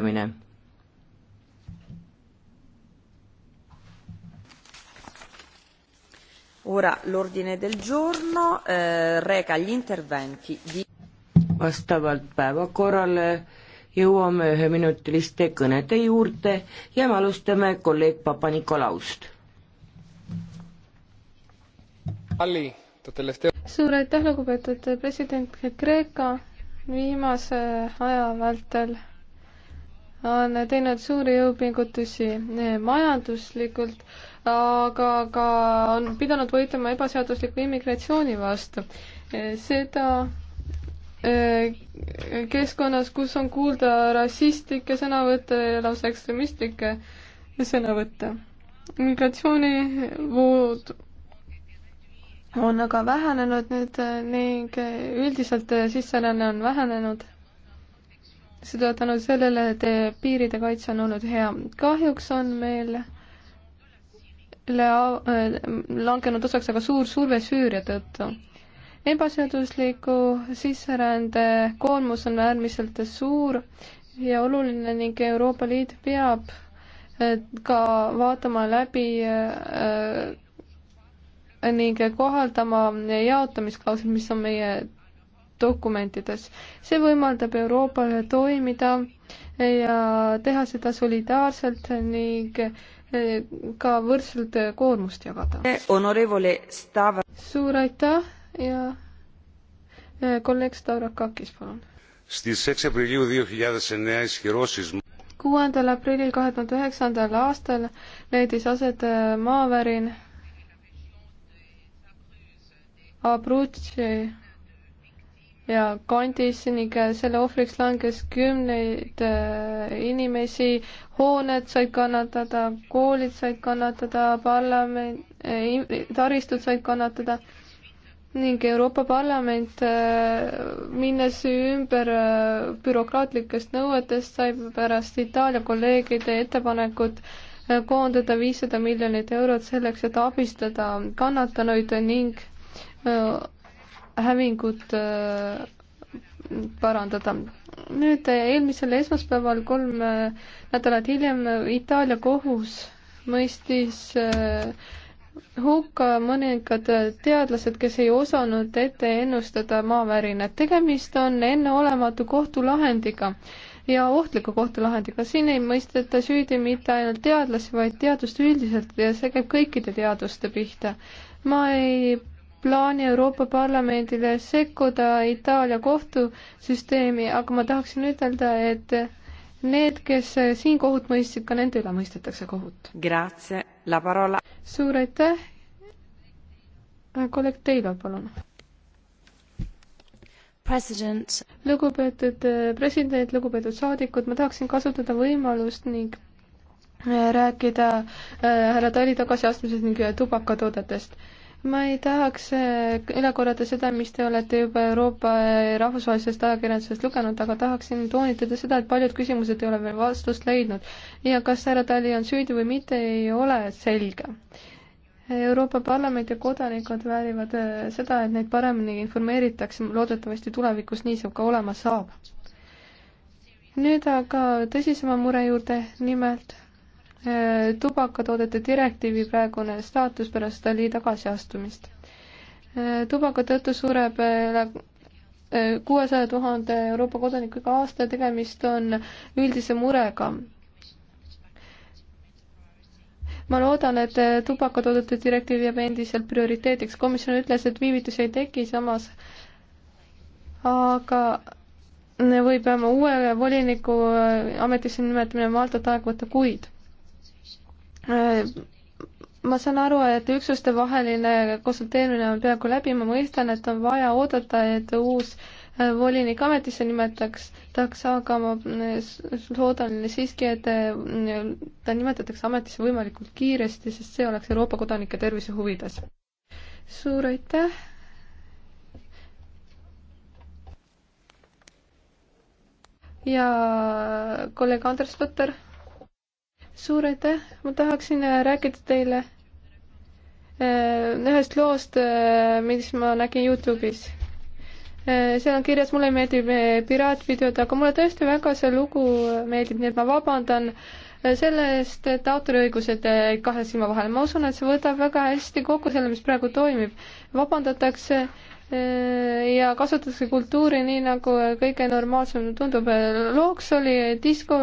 hääletamine. Ora l'ordine del giorno eh, reca gli interventi di vastavalt päevakorrale jõuame üheminutiliste kõnede juurde ja me alustame kolleeg Papa-Nikolaust. suur aitäh, lugupeetud president, Kreeka viimase aja vältel on teinud suuri jõupingutusi eh, majanduslikult, aga ka on pidanud võitlema ebaseadusliku immigratsiooni vastu. Eh, seda eh, keskkonnas, kus on kuulda rassistlikke sõnavõtte ja lausa ekstremistlikke sõnavõtte. migratsioonivood on aga vähenenud nüüd ning üldiselt sisseränne on vähenenud seda tänu sellele, et piiride kaitse on olnud hea. kahjuks on meil äh, langenud osaks aga suur surve Süüria tõttu. ebaseadusliku sisserände koormus on äärmiselt suur ja oluline ning Euroopa Liit peab äh, ka vaatama läbi äh, ning kohaldama jaotamisklausel, mis on meie dokumentides. see võimaldab Euroopale toimida ja teha seda solidaarselt ning eh, ka võrdselt koormust jagada. suur aitäh ja eh, kolleeg Stavrakakis, palun. kuuendal aprillil kahe tuhande üheksandal aastal leidis aset eh, maavärin Abruzzi ja kandis ning selle ohvriks langes kümneid äh, inimesi, hooned said kannatada, koolid said kannatada, parlament, äh, taristud said kannatada ning Euroopa Parlament, äh, minnes ümber bürokraatlikest nõuetest, sai pärast Itaalia kolleegide ettepanekut koondada viissada miljonit eurot selleks, et abistada kannatanuid ning hävingut äh, parandada. nüüd äh, eelmisel esmaspäeval kolm äh, nädalat hiljem Itaalia kohus mõistis hukka mõningad teadlased, kes ei osanud ette ennustada maavärinat. tegemist on enneolematu kohtulahendiga ja ohtliku kohtulahendiga. siin ei mõisteta süüdi mitte ainult teadlasi, vaid teadust üldiselt ja see käib kõikide teaduste pihta. ma ei plaani Euroopa Parlamendile sekkuda Itaalia kohtusüsteemi, aga ma tahaksin ütelda, et need, kes siin kohut mõistsid, ka nende üle mõistetakse kohut. suur aitäh. kolleeg Teilo, palun. President. lugupeetud äh, president, lugupeetud saadikud, ma tahaksin kasutada võimalust ning äh, rääkida äh, härra äh, Tali tagasiastumisest ning tubakatoodetest äh, ma ei tahaks äh, üle korrata seda, mis te olete juba Euroopa äh, rahvusvahelisest ajakirjandusest lugenud, aga tahaksin toonitada seda, et paljud küsimused ei ole veel vastust leidnud ja kas härra Tali on süüdi või mitte, ei ole selge. Euroopa Parlament ja kodanikud väärivad äh, seda, et neid paremini informeeritakse, loodetavasti tulevikus nii see ka olema saab. nüüd aga tõsisema mure juurde, nimelt Äh, tubakatoodete direktiivi praegune staatus pärast Dali tagasiastumist. Äh, tubaka tõttu sureb üle äh, kuuesaja tuhande Euroopa kodaniku iga aasta, tegemist on üldise murega. ma loodan, et tubakatoodete direktiiv jääb endiselt prioriteediks, komisjon ütles, et viivitusi ei teki, samas aga võib jääma uue voliniku ametisse nimetamine Maltat aeg võtta kuid Äh, ma saan aru, et üksuste vaheline konsulteerimine on peaaegu läbi, ma mõistan, et on vaja oodata, et uus äh, volinik ametisse nimetaks, tahaks, aga ma äh, loodan siiski, et ta nimetatakse ametisse võimalikult kiiresti, sest see oleks Euroopa kodanike tervise huvides. suur aitäh! ja kolleeg Andres Võtter suur aitäh, ma tahaksin äh, rääkida teile äh, ühest loost, äh, mis ma nägin Youtube'is. seal on kirjas, mulle meeldib piraatvideod, aga mulle tõesti väga see lugu meeldib, nii et ma vabandan selle eest, et autoriõigused jäid kahe silma vahele. ma usun, et see võtab väga hästi kokku selle, mis praegu toimib. vabandatakse ja kasutatakse kultuuri nii, nagu kõige normaalsem tundub. looks oli disko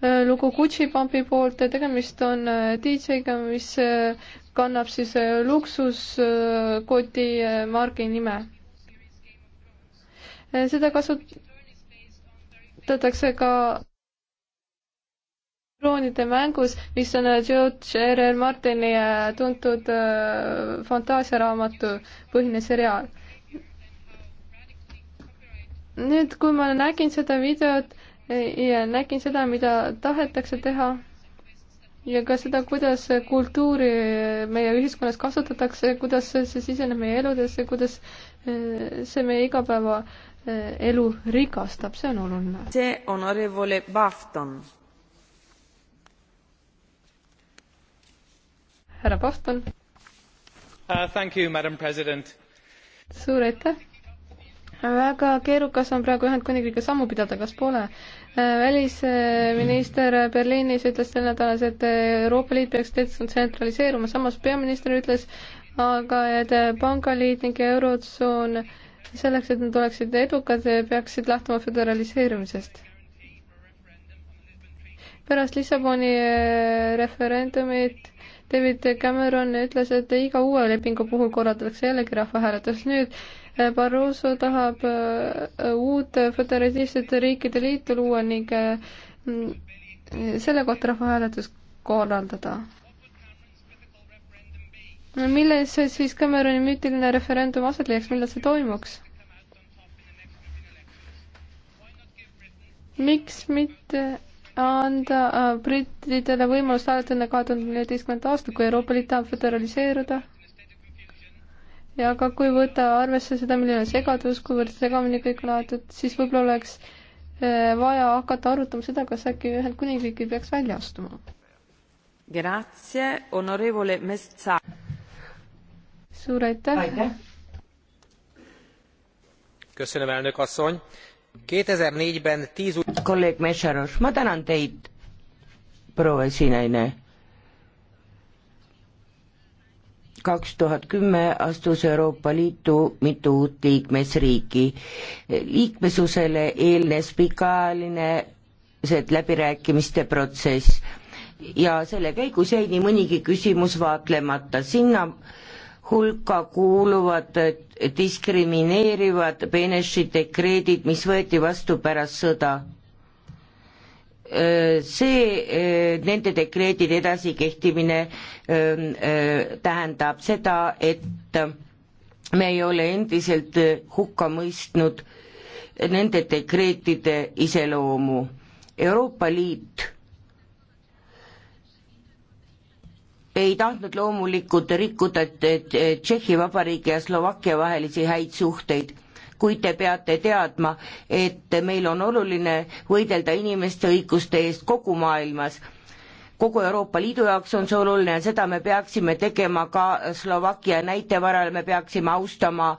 Äh, lugu Gucci Pumpi poolt, tegemist on äh, DJ-ga, mis äh, kannab siis luksuskoti margi nime. seda kasutatakse ka kroonide mängus, mis on George R. R. Martini tuntud fantaasiaraamatu põhine seriaal. nüüd, kui ma nägin seda videot, ja nägin seda, mida tahetakse teha ja ka seda, kuidas kultuuri meie ühiskonnas kasutatakse, kuidas see siseneb meie eludesse, kuidas äh, see meie igapäeva äh, elu rikastab, see on oluline. see honorevole Bafton. härra Bafton uh,. Thank you, madam president. suur aitäh. väga keerukas on praegu Ühendkuningriigiga sammu pidada, kas pole? välisminister Berliinis ütles sel nädalas, et Euroopa Liit peaks detsentraliseeruma, samas peaminister ütles aga, et pangaliit ning Eurotsoon selleks, et nad oleksid edukad, peaksid lähtuma föderaliseerumisest. pärast Lissaboni äh, referendumit David Cameron ütles, et iga uue lepingu puhul korraldatakse jällegi rahvahääletus. nüüd Barroso tahab äh, uut föderatiivsete riikide liitu luua ning äh, selle kohta rahvahääletus korraldada. milles siis Cameroni müütiline referendum aset leiaks, millal see toimuks? miks mitte anda äh, brittidele võimalust hääletada enne kahe tuhande neljateistkümnendat aastat, kui Euroopa Liit tahab föderaliseeruda? ja ka kui võtta arvesse seda, milline on segadus, kuivõrd segamini kõik on aetud, siis võib-olla oleks äh, vaja hakata arutama seda, kas äkki Ühendkuningriik ei peaks välja astuma. Grazie, onorevole Mestsa. suur aitäh. köszönöm, elnök asszony. 2004-ben 10 kolleeg Messerov, ma tänan teid, proua esinaine kaks tuhat kümme astus Euroopa Liitu mitu uut liikmesriiki. liikmesusele eelnes pikaajaline läbirääkimiste protsess ja selle käigus jäi nii mõnigi küsimus vaatlemata, sinna hulka kuuluvad diskrimineerivad Benesi dekreedid, mis võeti vastu pärast sõda Äh, see, äh, nende dekreetide edasikehtimine ähm, äh, tähendab seda, et me ei ole endiselt hukka mõistnud nende dekreetide iseloomu. Euroopa Liit ei tahtnud loomulikult rikkuda Tšehhi Vabariigi ja Slovakkia vahelisi häid suhteid kuid te peate teadma, et meil on oluline võidelda inimeste õiguste eest kogu maailmas kogu Euroopa Liidu jaoks on see oluline ja seda me peaksime tegema ka Slovakkia näite varal, me peaksime austama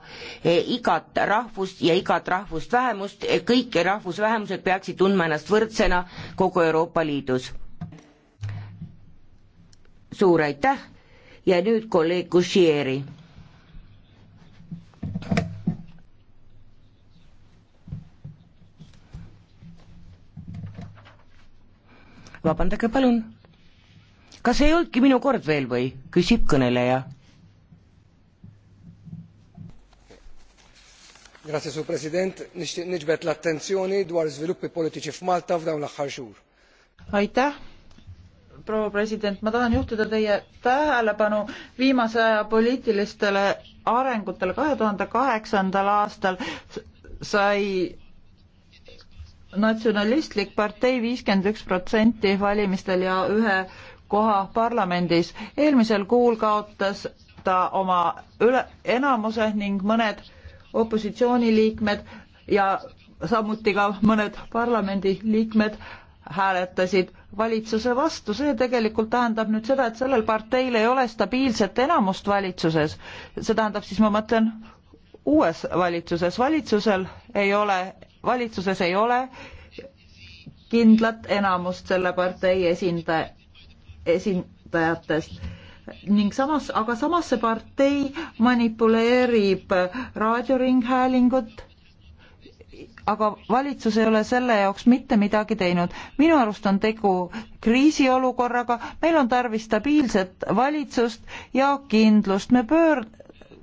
eh, igat rahvust ja igat rahvust vähemust, eh, kõik rahvusvähemused peaksid tundma ennast võrdsena kogu Euroopa Liidus. suur aitäh ja nüüd kolleeg Gussieri vabandage, palun. kas ei olnudki minu kord veel või, küsib kõneleja. Grazie, su president, nixbet l-attenzjoni dwar sviluppi politiċi f'Malta f'dawn l-axħar xhur. aitäh, proua president, ma tahan juhtida teie tähelepanu viimase aja poliitilistele arengutele. kahe tuhande kaheksandal aastal sai natsionalistlik partei viiskümmend üks protsenti valimistel ja ühe koha parlamendis. eelmisel kuul kaotas ta oma üle, enamuse ning mõned opositsiooniliikmed ja samuti ka mõned parlamendiliikmed hääletasid valitsuse vastu, see tegelikult tähendab nüüd seda, et sellel parteil ei ole stabiilset enamust valitsuses. see tähendab siis, ma mõtlen, uues valitsuses, valitsusel ei ole valitsuses ei ole kindlat enamust selle partei esindaja, esindajatest ning samas, aga samas see partei manipuleerib raadioringhäälingut, aga valitsus ei ole selle jaoks mitte midagi teinud. minu arust on tegu kriisiolukorraga, meil on tarvis stabiilset valitsust ja kindlust, me pöör-,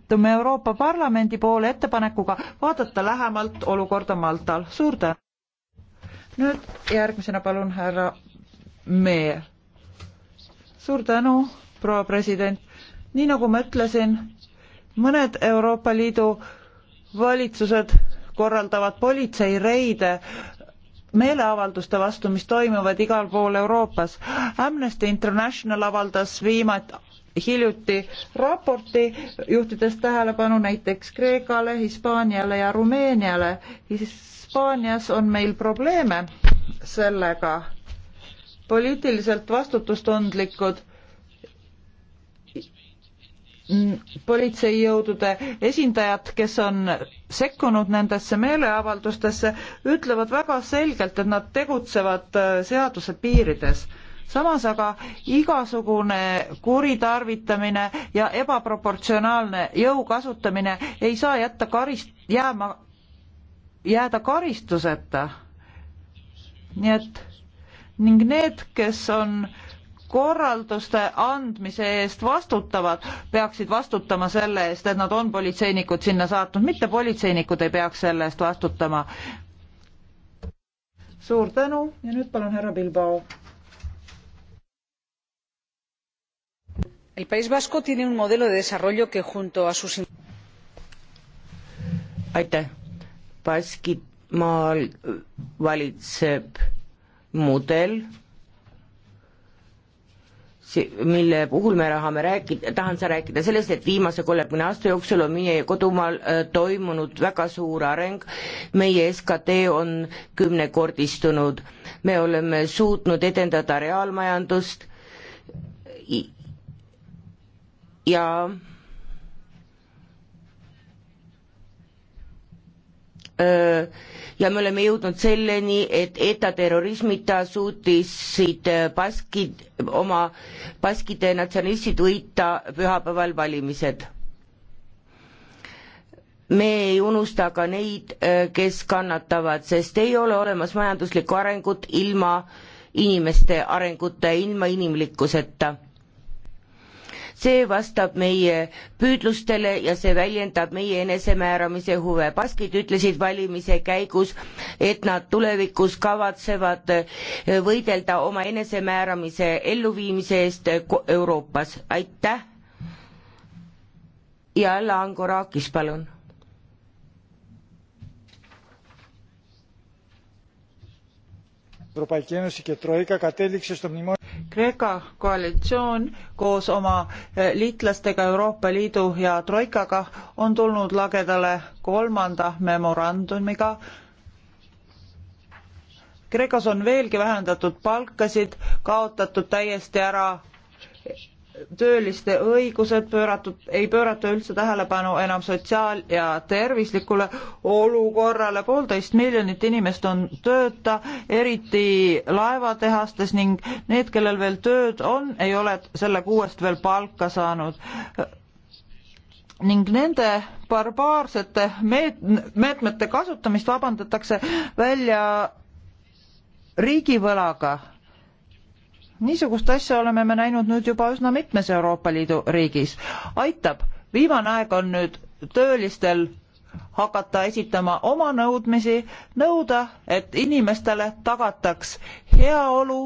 pöördume Euroopa Parlamendi poole ettepanekuga vaadata lähemalt olukorda Maltal. suur tänu! nüüd järgmisena palun härra Mee. suur tänu, proua president. nii nagu ma ütlesin, mõned Euroopa Liidu valitsused korraldavad politseireide meeleavalduste vastu, mis toimuvad igal pool Euroopas. Amnesty International avaldas viimati hiljuti raporti, juhtides tähelepanu näiteks Kreekale, Hispaaniale ja Rumeeniale. Hispaanias on meil probleeme sellega. poliitiliselt vastutustundlikud politseijõudude esindajad, kes on sekkunud nendesse meeleavaldustesse, ütlevad väga selgelt, et nad tegutsevad äh, seaduse piirides samas aga igasugune kuritarvitamine ja ebaproportsionaalne jõu kasutamine ei saa jätta karist-, jääma, jääda karistuseta. nii et ning need, kes on korralduste andmise eest vastutavad, peaksid vastutama selle eest, et nad on politseinikud sinna saatnud, mitte politseinikud ei peaks selle eest vastutama. suur tänu ja nüüd palun härra Bilbao el país vasco tiene un modelo de desarrollo que junto a sus. aitäh baskimaal valitseb mudel see, mille puhul me tahame rääkida, tahan sa rääkida sellest, et viimase kolmekümne aasta jooksul on meie kodumaal äh, toimunud väga suur areng, meie SKT on kümnekordistunud, me oleme suutnud edendada reaalmajandust ja ja me oleme jõudnud selleni, et ETA terrorismita suutisid baskid, oma baskide natsionalistid võita pühapäeval valimised. me ei unusta ka neid, kes kannatavad, sest ei ole olemas majanduslikku arengut ilma inimeste arenguta ja ilma inimlikkuseta see vastab meie püüdlustele ja see väljendab meie enesemääramise huve. baskid ütlesid valimise käigus, et nad tulevikus kavatsevad eh, võidelda oma enesemääramise elluviimise eest eh, Euroopas. aitäh! ja Alla Angorakis, palun Kreeka koalitsioon koos oma liitlastega Euroopa Liidu ja Troikaga on tulnud lagedale kolmanda memorandumiga. Kreekas on veelgi vähendatud palkasid, kaotatud täiesti ära tööliste õigused pööratud, ei pöörata üldse tähelepanu enam sotsiaal- ja tervislikule olukorrale. poolteist miljonit inimest on tööta, eriti laevatehastes ning need, kellel veel tööd on, ei ole selle kuuest veel palka saanud. ning nende barbaarsete meet-, meetmete kasutamist vabandatakse välja riigivõlaga niisugust asja oleme me näinud nüüd juba üsna mitmes Euroopa Liidu riigis. aitab, viimane aeg on nüüd töölistel hakata esitama oma nõudmisi, nõuda, et inimestele tagataks heaolu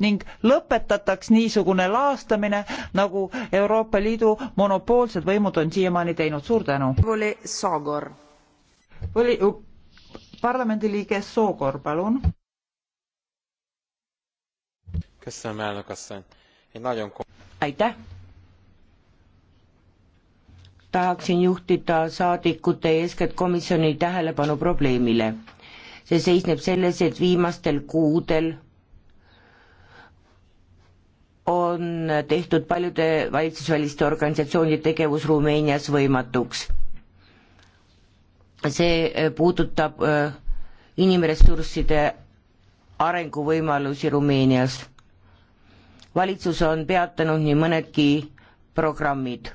ning lõpetataks niisugune laastamine, nagu Euroopa Liidu monopoolsed võimud on siiamaani teinud. suur tänu. parlamendiliige Soogor, palun aitäh! tahaksin juhtida saadikute ja eeskätt komisjoni tähelepanu probleemile. see seisneb selles, et viimastel kuudel on tehtud paljude valitsusväliste organisatsioonide tegevus Rumeenias võimatuks. see puudutab äh, inimressursside arenguvõimalusi Rumeenias valitsus on peatanud nii mõnedki programmid.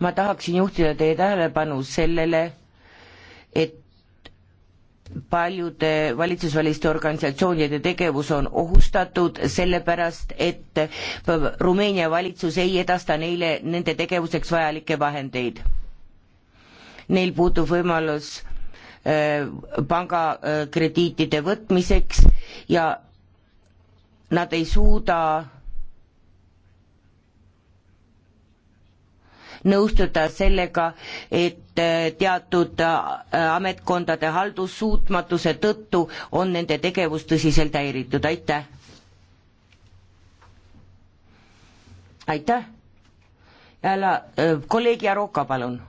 ma tahaksin juhtida teie tähelepanu sellele, et paljude valitsusväliste organisatsioonide tegevus on ohustatud sellepärast, et Rumeenia valitsus ei edasta neile nende tegevuseks vajalikke vahendeid. Neil puudub võimalus Äh, pangakrediitide äh, võtmiseks ja nad ei suuda nõustuda sellega, et äh, teatud ametkondade haldussuutmatuse tõttu on nende tegevus tõsiselt häiritud, aitäh. aitäh. jälle kolleeg Jaroka, palun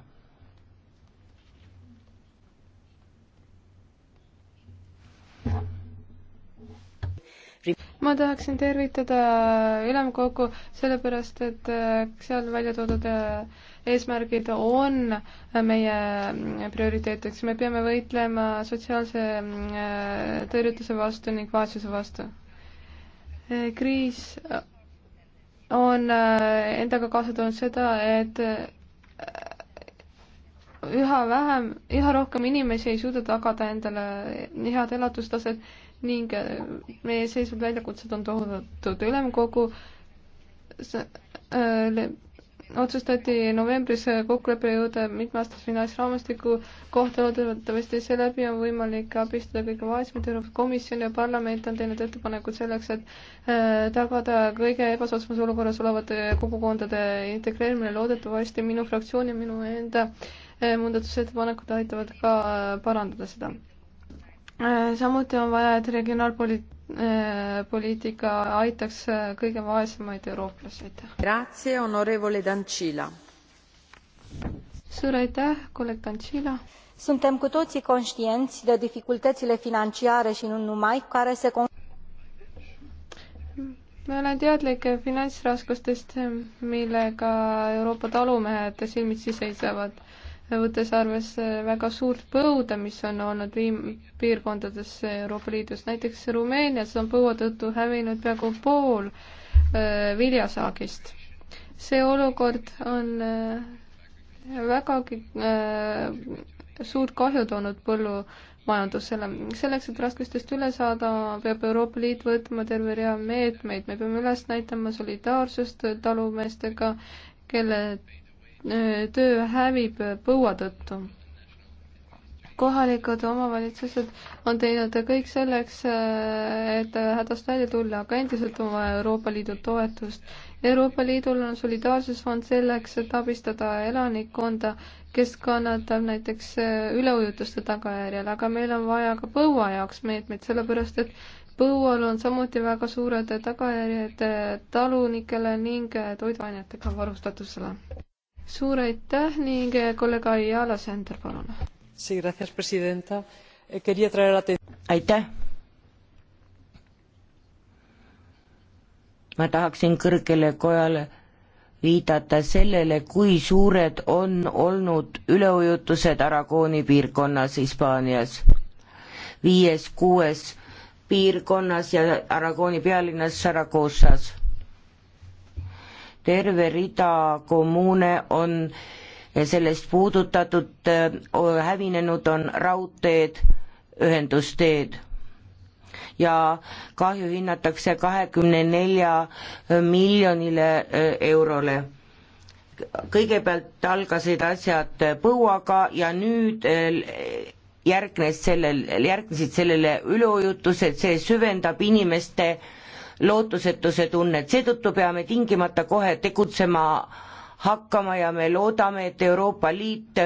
ma tahaksin tervitada ülemkogu, sellepärast et äh, seal välja toodud äh, eesmärgid on äh, meie mm, prioriteetiks. me peame võitlema sotsiaalse mm, tõrjutuse vastu ning vaesuse vastu. kriis on endaga kaasa toonud seda, et üha vähem, üha rohkem inimesi ei suuda tagada endale head elatustaset ning äh, meie seisvad väljakutsed on tohutud ülemkogu äh, otsustati novembris kokkuleppele jõuda mitmeaastase finantsraamistiku kohta, loodetavasti seeläbi on võimalik abistada kõige vaesemaid, Euroopa Komisjon ja parlament on teinud ettepanekud selleks, et äh, tagada kõige ebasoodsamas olukorras olevate kogukondade integreerimine, loodetavasti minu fraktsioon ja minu enda muudatusettepanekud aitavad ka parandada seda Äh, samuti on vaja, et regionaalpoliitika äh, aitaks äh, kõige vaesemaid eurooplasi, aitäh. Grazie, onorevole Dancila. suur aitäh, kolleeg Dancila. Suntem cu toții conștienți de dificultățile financiare și nu numai care se ma olen teadlik finantsraskustest, millega Euroopa talumehed silmitsi seisavad võttes arvesse väga suurt põuda, mis on olnud viim-, piirkondades Euroopa Liidus, näiteks Rumeenias on põua tõttu hävinud peaaegu pool äh, viljasaagist. see olukord on äh, vägagi äh, suurt kahju toonud põllumajandusele. selleks, et raskustest üle saada, peab Euroopa Liit võtma terve rea meetmeid, me peame üles näitama solidaarsust talumeestega, kelle töö hävib põua tõttu. kohalikud omavalitsused on teinud kõik selleks, et hädast välja tulla, aga endiselt on vaja Euroopa Liidu toetust. Euroopa Liidul on solidaarsusfond selleks, et abistada elanikkonda, kes kannatab näiteks üleujutuste tagajärjel, aga meil on vaja ka põua jaoks meetmeid, sellepärast et põual on samuti väga suured tagajärjed äh, talunikele ning äh, toiduainetega varustatusele suur aitäh ning eh, kolleeg Ayala Sender, palun. Eh, aitäh. ma tahaksin kõrgele kojale viidata sellele, kui suured on olnud üleujutused Aragooni piirkonnas Hispaanias. viies, kuues piirkonnas ja Aragooni pealinnas Saragossas terve rida kommuune on sellest puudutatud, hävinenud on raudteed, ühendusteed ja kahju hinnatakse kahekümne nelja miljonile e, eurole. kõigepealt algasid asjad põuaga ja nüüd e, järgnes sellel, järgnesid sellele üleujutused, see süvendab inimeste lootusetuse tunnet, seetõttu peame tingimata kohe tegutsema hakkama ja me loodame, et Euroopa Liit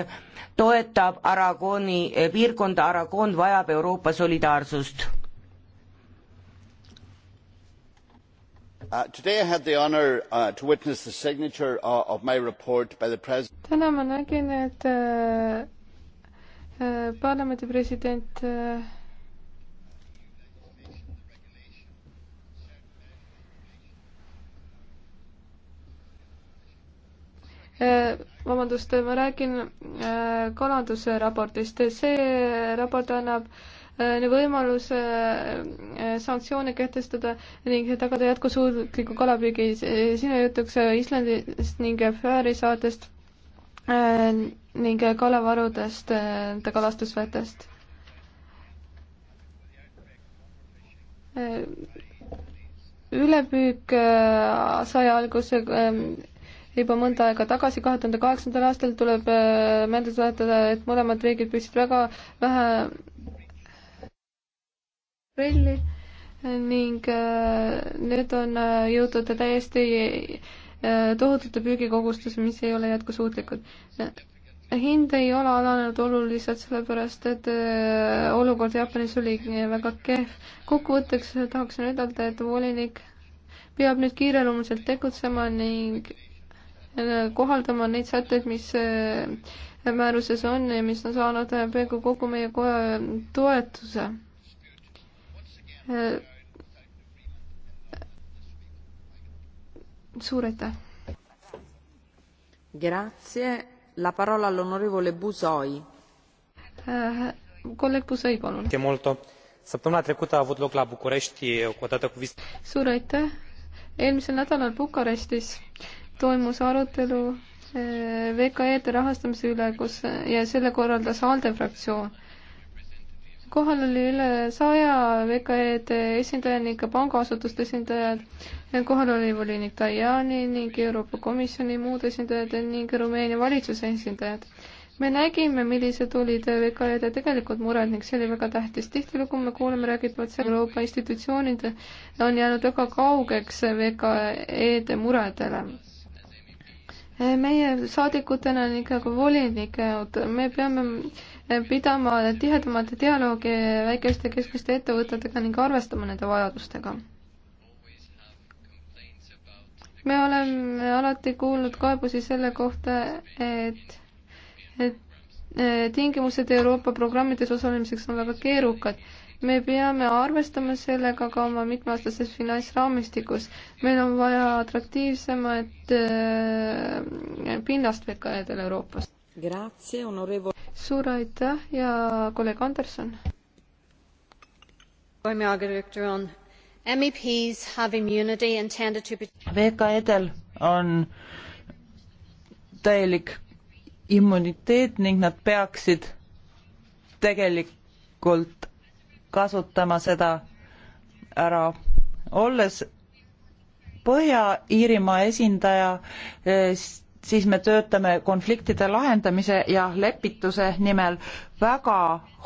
toetab Aragooni eh, piirkonda, Aragoon vajab Euroopa solidaarsust. Uh, uh, uh, täna ma nägin, et äh, parlamendi president äh, Äh, vabandust, ma räägin äh, kalanduse raportist, see raport annab äh, võimaluse sanktsioone kehtestada ning tagada jätkusuutliku kalapüügi. siin on jutuks Islandist ning Fääri saatest ning kalavarudest, nende kalastusvetest ülepüük sai alguse ähm, juba mõnda aega tagasi, kahe tuhande kaheksandal aastal tuleb äh, meelde tuletada, et mõlemad riigid püüdsid väga vähe relli ning äh, nüüd on äh, jõutud täiesti tohutute püügikogustesse, mis ei ole jätkusuutlikud. hind ei ole alanenud oluliselt, sellepärast et olukord Jaapanis oli väga kehv. kokkuvõtteks tahaksin ütelda, et volinik peab nüüd kiireloomuliselt tegutsema ning kohaldama neid sätteid, mis äh, määruses on ja mis on saanud äh, peaaegu kogu meie koja äh, toetuse. suur aitäh! Grazie, la parola all'onorevole Busoi. Coleg Busoi, palun. Molto. Săptămâna trecută a avut loc la București, e, odată cu vizita. Suur aitäh! Eelmisel nädalal Bukarestis toimus arutelu eh, VKE-de rahastamise üle, kus ja selle korraldas ALDE fraktsioon. kohal oli üle saja VKE-de esindaja ning ka pangaasutuste esindajad. kohal oli volinik Tajani ning Euroopa Komisjoni muud esindajad ning Rumeenia valitsuse esindajad. me nägime, millised olid VKE-de tegelikud mured ning see oli väga tähtis. tihtilugu me kuuleme räägitavat seal Euroopa institutsioonid on jäänud väga kaugeks VKE-de muredele meie saadikutena on ikka kui volinikud, me peame pidama tihedamat dialoogi väikeste keskmiste ettevõtetega ning arvestama nende vajadustega. me oleme alati kuulnud kaebusi selle kohta, et, et tingimused Euroopa programmides osalemiseks on väga keerukad me peame arvestama sellega ka oma mitmeaastases finantsraamistikus. meil on vaja atraktiivsemat äh, pinnast VKE-del Euroopas. suur aitäh ja kolleeg Anderson. VKE-del e on täielik immuniteet ning nad peaksid tegelikult kasutama seda ära. olles Põhja-Iirimaa esindaja, eh, siis me töötame konfliktide lahendamise ja lepituse nimel väga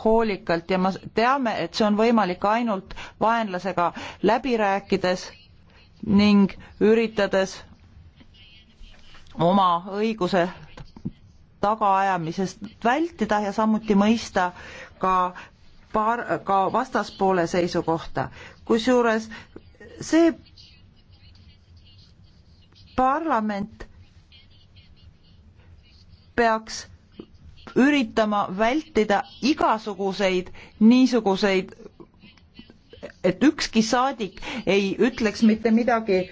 hoolikalt ja me teame, et see on võimalik ainult vaenlasega läbi rääkides ning üritades oma õiguse tagaajamisest vältida ja samuti mõista ka paar, ka vastaspoole seisukohta. kusjuures see parlament peaks üritama vältida igasuguseid niisuguseid, et ükski saadik ei ütleks mitte midagi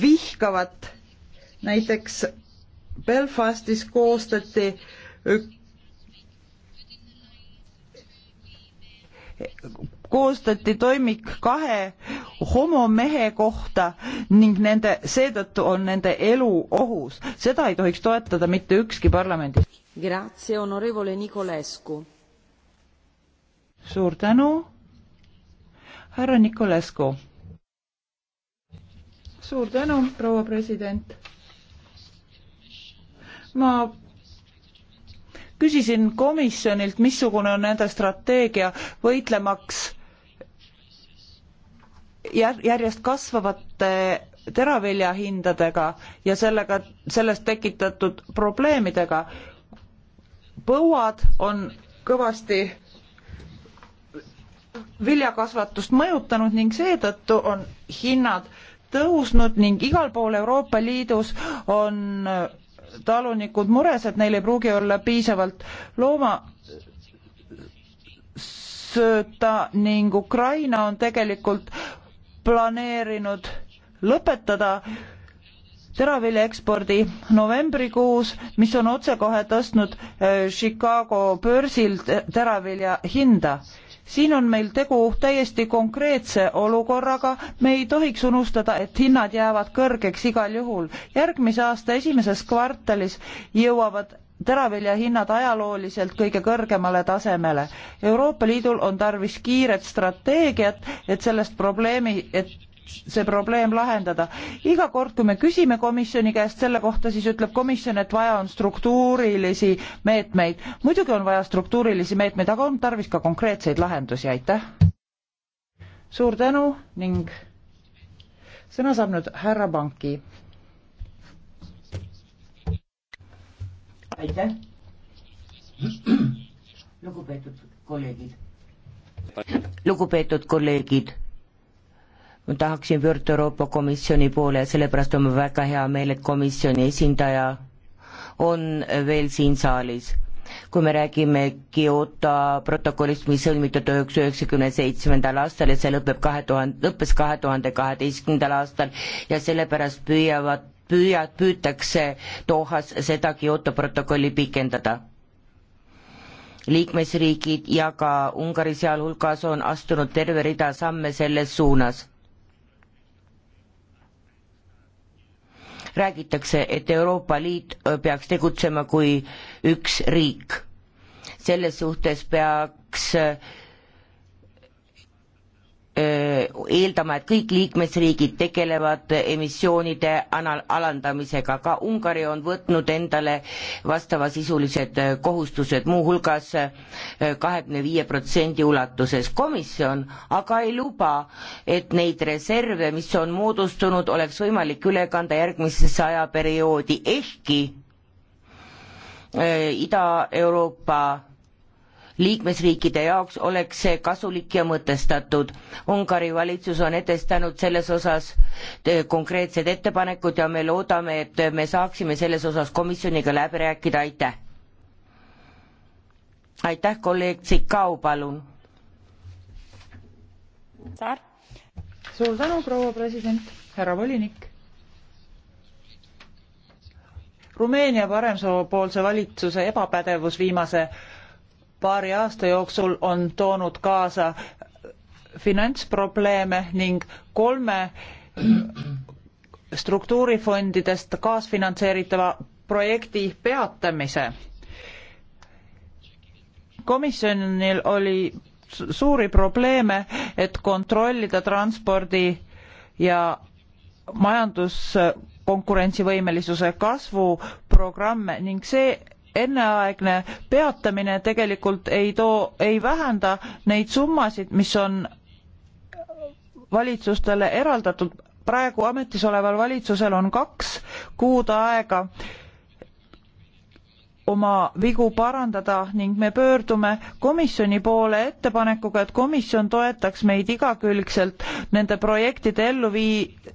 vihkavat. näiteks Belfastis koostati koostati toimik kahe homomehe kohta ning nende, seetõttu on nende elu ohus. seda ei tohiks toetada mitte ükski parlamendis. suur tänu, härra Nikolescu. suur tänu, proua president. ma küsisin komisjonilt, missugune on nende strateegia võitlemaks järjest kasvavate teraviljahindadega ja sellega, sellest tekitatud probleemidega. põuad on kõvasti viljakasvatust mõjutanud ning seetõttu on hinnad tõusnud ning igal pool Euroopa Liidus on talunikud mures, et neil ei pruugi olla piisavalt loomasööta ning Ukraina on tegelikult planeerinud lõpetada teravilja ekspordi novembrikuus, mis on otsekohe tõstnud äh, Chicago börsil teravilja hinda siin on meil tegu täiesti konkreetse olukorraga, me ei tohiks unustada, et hinnad jäävad kõrgeks igal juhul. järgmise aasta esimeses kvartalis jõuavad teraviljahinnad ajalooliselt kõige kõrgemale tasemele. Euroopa Liidul on tarvis kiiret strateegiat, et sellest probleemi, et see probleem lahendada. iga kord, kui me küsime komisjoni käest selle kohta, siis ütleb komisjon, et vaja on struktuurilisi meetmeid. muidugi on vaja struktuurilisi meetmeid, aga on tarvis ka konkreetseid lahendusi, aitäh. suur tänu ning sõna saab nüüd härra Panki. aitäh. lugupeetud kolleegid. lugupeetud kolleegid ma tahaksin pöörduda Euroopa Komisjoni poole ja sellepärast on mul väga hea meel, et komisjoni esindaja on veel siin saalis. kui me räägime Kyoto protokollist, mis sõlmiti tuhande üheksakümne seitsmendal aastal ja see lõpeb kahe tuhande, lõppes kahe tuhande kaheteistkümnendal aastal ja sellepärast püüavad, püüad, püütakse Dohas seda Kyoto protokolli pikendada liikmesriigid ja ka Ungari sealhulgas on astunud terve rida samme selles suunas räägitakse, et Euroopa Liit äh, peaks tegutsema kui üks riik. selles suhtes peaks äh, eeldama, et kõik liikmesriigid tegelevad emissioonide anal-, alandamisega, ka Ungari on võtnud endale vastavasisulised kohustused, muuhulgas kahekümne viie protsendi ulatuses. komisjon aga ei luba, et neid reserve, mis on moodustunud, oleks võimalik üle kanda järgmisesse ajaperioodi, ehkki Ida-Euroopa liikmesriikide jaoks oleks see kasulik ja mõtestatud. Ungari valitsus on edestanud selles osas eh, konkreetsed ettepanekud ja me loodame, et me saaksime selles osas komisjoniga läbi rääkida, aitäh. aitäh, kolleeg Tsikau, palun. suur tänu, proua president, härra volinik Rumeenia parempoolse valitsuse ebapädevus viimase paari aasta jooksul on toonud kaasa finantsprobleeme ning kolme struktuurifondidest kaasfinantseeritava projekti peatamise. komisjonil oli suuri probleeme, et kontrollida transpordi ja majanduskonkurentsivõimelisuse kasvuprogramme ning see enneaegne peatamine tegelikult ei too, ei vähenda neid summasid, mis on valitsustele eraldatud. praegu ametis oleval valitsusel on kaks kuud aega oma vigu parandada ning me pöördume komisjoni poole ettepanekuga, et komisjon toetaks meid igakülgselt nende projektide elluviimisel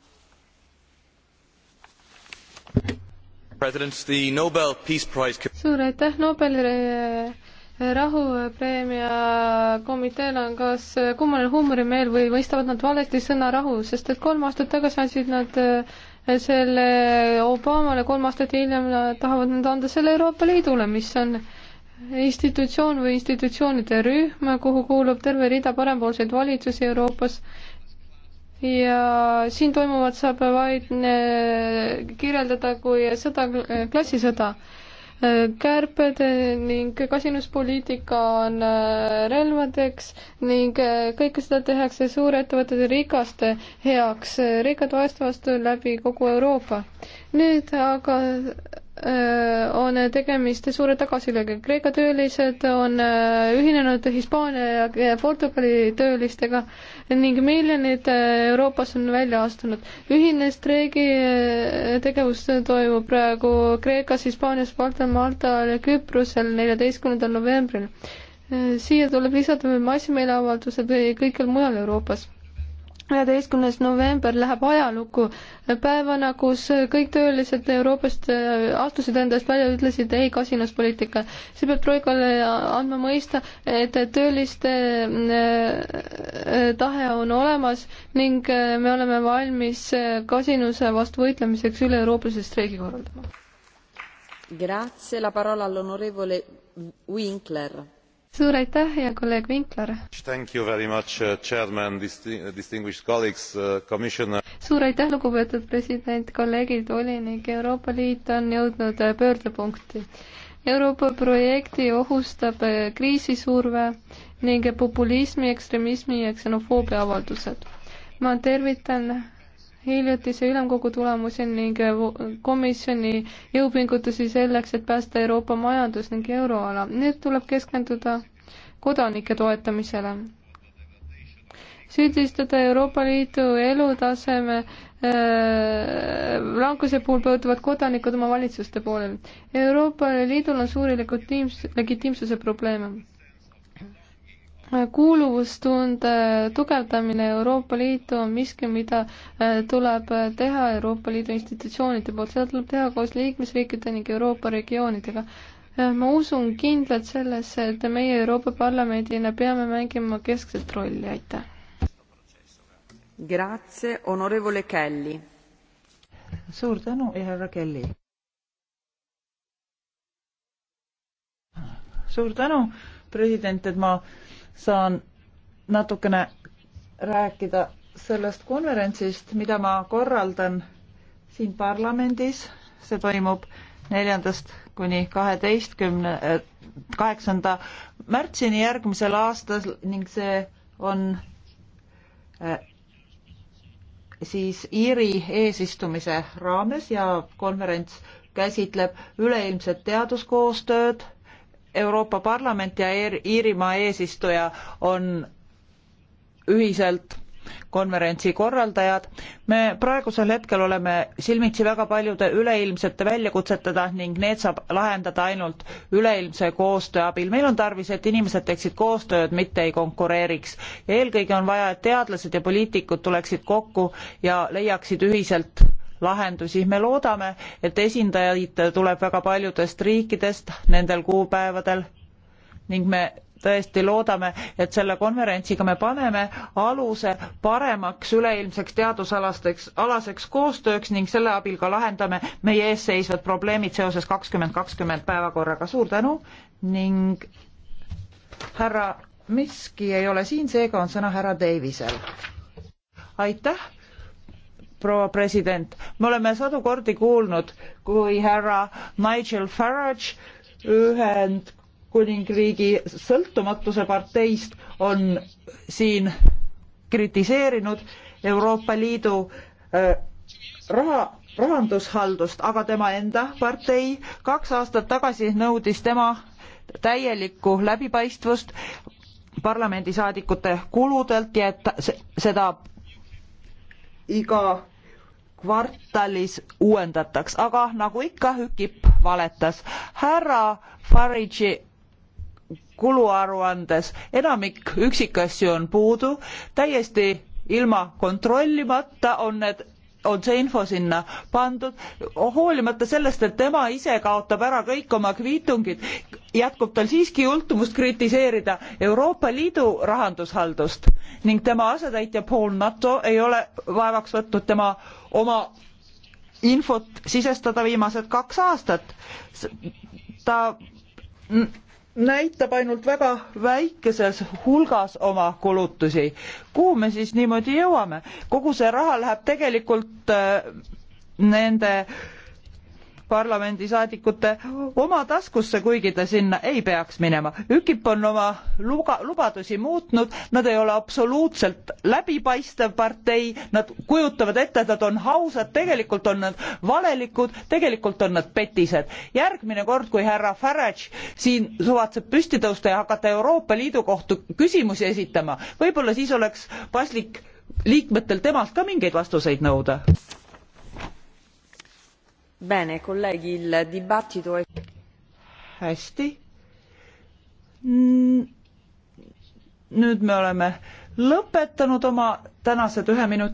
Prize... suur aitäh, Nobeli eh, rahupreemia komiteel on kas eh, kummaline huumorimeel või mõistavad nad valesti sõna rahu, sest et kolm aastat tagasi andsid nad eh, selle Obamale, kolm aastat hiljem tahavad nad anda selle Euroopa Liidule, mis on institutsioon või institutsioonide rühm, kuhu kuulub terve rida parempoolseid valitsusi Euroopas ja siin toimuvat saab vaid äh, kirjeldada kui sõda, äh, klassisõda. Äh, kärped ning kasinuspoliitika on relvadeks ning kõike seda tehakse suurettevõtete rikaste heaks, rikkad vaeste vastu läbi kogu Euroopa. nüüd aga on tegemist suure tagasilöögiga. Kreeka töölised on ühinenud Hispaania ja Portugali töölistega ning miljonid Euroopas on välja astunud. ühine streigi tegevus toimub praegu Kreekas, Hispaanias, Baltal, Maltal ja Küprosel neljateistkümnendal novembril. siia tuleb lisada massimeleavaldused kõikjal mujal Euroopas üheteistkümnes november läheb ajalukku päevana, kus kõik töölised Euroopast äh, astusid endast välja, ütlesid ei kasinuspoliitika. see peab Troikale andma mõista, et tööliste äh, tahe on olemas ning äh, me oleme valmis kasinuse vastu võitlemiseks üle-euroopalise streigi korraldama. Grazie, la parola all'onorevole Winkler suur aitäh, hea kolleeg Vinkler! Uh, uh, suur aitäh, lugupeetud president, kolleegid, volinik, Euroopa Liit on jõudnud uh, pöördepunkti. Euroopa projekti ohustab kriisisurve ning populismi, ekstremismi ja ksenofoobia avaldused. ma tervitan hiljutise ülemkogu tulemusi ning komisjoni jõupingutusi selleks, et päästa Euroopa majandus ning euroala. nüüd tuleb keskenduda kodanike toetamisele. süüdistada Euroopa Liidu elutaseme äh, languse puhul pöörduvad kodanikud oma valitsuste poolel. Euroopa Liidul on suuri legitiims-, legitiimsuse probleeme kuuluvustunde tugevdamine Euroopa Liitu on miski, mida äh, tuleb äh, teha Euroopa Liidu institutsioonide poolt, seda tuleb teha koos liikmesriikide ning Euroopa regioonidega. Äh, ma usun kindlalt sellesse, et meie Euroopa Parlamendina peame mängima keskset rolli, aitäh. Grazie, onorevole Kelly. suur tänu ja härra Kelly. suur tänu, president, et ma saan natukene rääkida sellest konverentsist, mida ma korraldan siin parlamendis, see toimub neljandast kuni kaheteistkümne, äh, kaheksanda märtsini järgmisel aastal ning see on äh, siis Iiri eesistumise raames ja konverents käsitleb üleilmset teaduskoostööd Euroopa Parlament ja Iirimaa eesistuja on ühiselt konverentsi korraldajad. me praegusel hetkel oleme silmitsi väga paljude üleilmsete väljakutsetega ning need saab lahendada ainult üleilmse koostöö abil. meil on tarvis, et inimesed teeksid koostööd, mitte ei konkureeriks. eelkõige on vaja, et teadlased ja poliitikud tuleksid kokku ja leiaksid ühiselt lahendusi. me loodame, et esindajaid tuleb väga paljudest riikidest nendel kuupäevadel ning me tõesti loodame, et selle konverentsiga me paneme aluse paremaks üleilmseks teadusalasteks, alaseks koostööks ning selle abil ka lahendame meie ees seisvad probleemid seoses kakskümmend kakskümmend päevakorraga. suur tänu ning härra Miski ei ole siin, seega on sõna härra Davisel. aitäh proua president, me oleme sadu kordi kuulnud, kui härra Nigel Farage Ühendkuningriigi sõltumatuse parteist on siin kritiseerinud Euroopa Liidu äh, raha rahandushaldust, aga tema enda partei kaks aastat tagasi nõudis tema täielikku läbipaistvust parlamendisaadikute kuludelt ja et seda iga kvartalis uuendataks, aga nagu ikka, Hükip valetas. härra Farage'i kuluaruandes enamik üksikasju on puudu, täiesti ilma kontrollimata on need on see info sinna pandud hoolimata sellest et tema ise kaotab ära kõik oma kviitungid jätkub tal siiski jultumust kritiseerida Euroopa Liidu rahandushaldust ning tema asetäitja Paul Natto ei ole vaevaks võtnud tema oma infot sisestada viimased kaks aastat. ta näitab ainult väga väikeses hulgas oma kulutusi. kuhu me siis niimoodi jõuame? kogu see raha läheb tegelikult äh, nende äh, parlamendisaadikute oma taskusse, kuigi ta sinna ei peaks minema. ÜKIP on oma luba, lubadusi muutnud, nad ei ole absoluutselt läbipaistev partei, nad kujutavad ette, et nad on ausad, tegelikult on nad valelikud, tegelikult on nad petised. järgmine kord, kui härra Farage siin suvatseb püsti tõusta ja hakata Euroopa Liidu kohta küsimusi esitama, võib-olla siis oleks paslik liikmetel temalt ka mingeid vastuseid nõuda. Bene, colleghi, il dibattito è... hästi. nüüd me oleme lõpetanud oma tänased ühe minuti